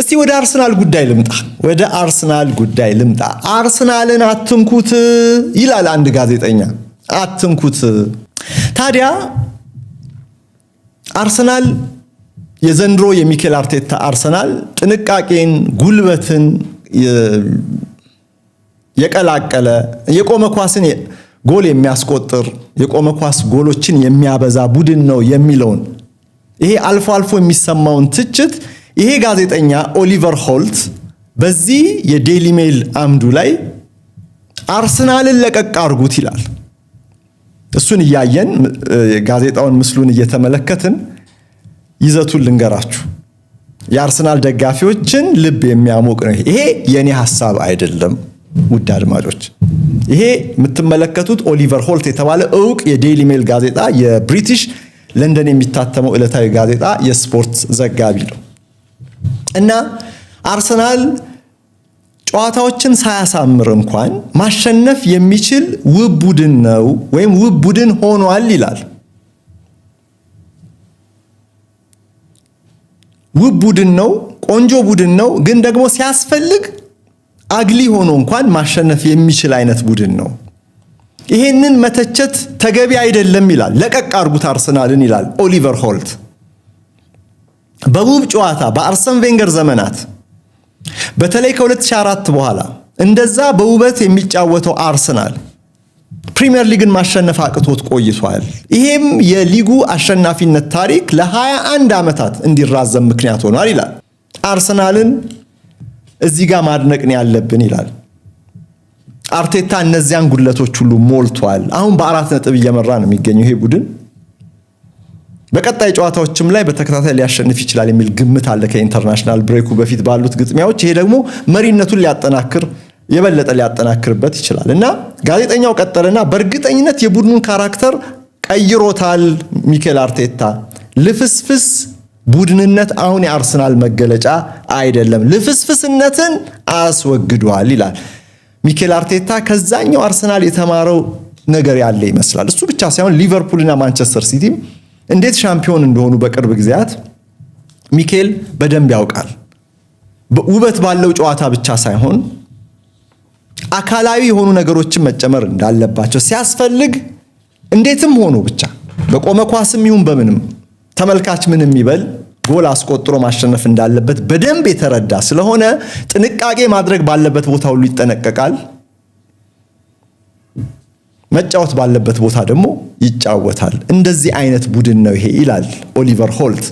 እስቲ ወደ አርሰናል ጉዳይ ልምጣ። ወደ አርሰናል ጉዳይ ልምጣ። አርሰናልን አትንኩት ይላል አንድ ጋዜጠኛ፣ አትንኩት። ታዲያ አርሰናል የዘንድሮ የሚኬል አርቴታ አርሰናል ጥንቃቄን፣ ጉልበትን የቀላቀለ የቆመ ኳስን ጎል የሚያስቆጥር የቆመ ኳስ ጎሎችን የሚያበዛ ቡድን ነው የሚለውን ይሄ አልፎ አልፎ የሚሰማውን ትችት ይሄ ጋዜጠኛ ኦሊቨር ሆልት በዚህ የዴሊ ሜል አምዱ ላይ አርሰናልን ለቀቅ አድርጉት ይላል። እሱን እያየን ጋዜጣውን ምስሉን እየተመለከትን ይዘቱን ልንገራችሁ። የአርሰናል ደጋፊዎችን ልብ የሚያሞቅ ነው። ይሄ የእኔ ሀሳብ አይደለም። ውድ አድማጮች፣ ይሄ የምትመለከቱት ኦሊቨር ሆልት የተባለ እውቅ የዴይሊ ሜል ጋዜጣ የብሪቲሽ ለንደን የሚታተመው ዕለታዊ ጋዜጣ የስፖርት ዘጋቢ ነው። እና አርሰናል ጨዋታዎችን ሳያሳምር እንኳን ማሸነፍ የሚችል ውብ ቡድን ነው ወይም ውብ ቡድን ሆኗል ይላል። ውብ ቡድን ነው፣ ቆንጆ ቡድን ነው። ግን ደግሞ ሲያስፈልግ አግሊ ሆኖ እንኳን ማሸነፍ የሚችል አይነት ቡድን ነው። ይሄንን መተቸት ተገቢ አይደለም ይላል። ለቀቅ አርጉት አርሰናልን ይላል ኦሊቨር ሆልት። በውብ ጨዋታ በአርሰን ቬንገር ዘመናት በተለይ ከ2004 በኋላ እንደዛ በውበት የሚጫወተው አርሰናል ፕሪሚየር ሊግን ማሸነፍ አቅቶት ቆይቷል። ይሄም የሊጉ አሸናፊነት ታሪክ ለ21 ዓመታት እንዲራዘም ምክንያት ሆኗል ይላል። አርሰናልን እዚህ ጋር ማድነቅን ያለብን ይላል አርቴታ። እነዚያን ጉድለቶች ሁሉ ሞልቷል። አሁን በአራት ነጥብ እየመራ ነው የሚገኘው ይሄ ቡድን። በቀጣይ ጨዋታዎችም ላይ በተከታታይ ሊያሸንፍ ይችላል የሚል ግምት አለ ከኢንተርናሽናል ብሬኩ በፊት ባሉት ግጥሚያዎች። ይሄ ደግሞ መሪነቱን ሊያጠናክር የበለጠ ሊያጠናክርበት ይችላል እና ጋዜጠኛው ቀጠልና በእርግጠኝነት የቡድኑን ካራክተር ቀይሮታል ሚኬል አርቴታ። ልፍስፍስ ቡድንነት አሁን የአርሰናል መገለጫ አይደለም፣ ልፍስፍስነትን አስወግዷል ይላል ሚኬል አርቴታ። ከዛኛው አርሰናል የተማረው ነገር ያለ ይመስላል። እሱ ብቻ ሳይሆን ሊቨርፑልና ማንቸስተር ሲቲም እንዴት ሻምፒዮን እንደሆኑ በቅርብ ጊዜያት ሚኬል በደንብ ያውቃል። ውበት ባለው ጨዋታ ብቻ ሳይሆን አካላዊ የሆኑ ነገሮችን መጨመር እንዳለባቸው ሲያስፈልግ እንዴትም ሆኖ ብቻ በቆመ ኳስም ይሁን በምንም ተመልካች ምንም ይበል ጎል አስቆጥሮ ማሸነፍ እንዳለበት በደንብ የተረዳ ስለሆነ ጥንቃቄ ማድረግ ባለበት ቦታ ሁሉ ይጠነቀቃል። መጫወት ባለበት ቦታ ደግሞ ይጫወታል። እንደዚህ አይነት ቡድን ነው ይሄ ይላል ኦሊቨር ሆልት።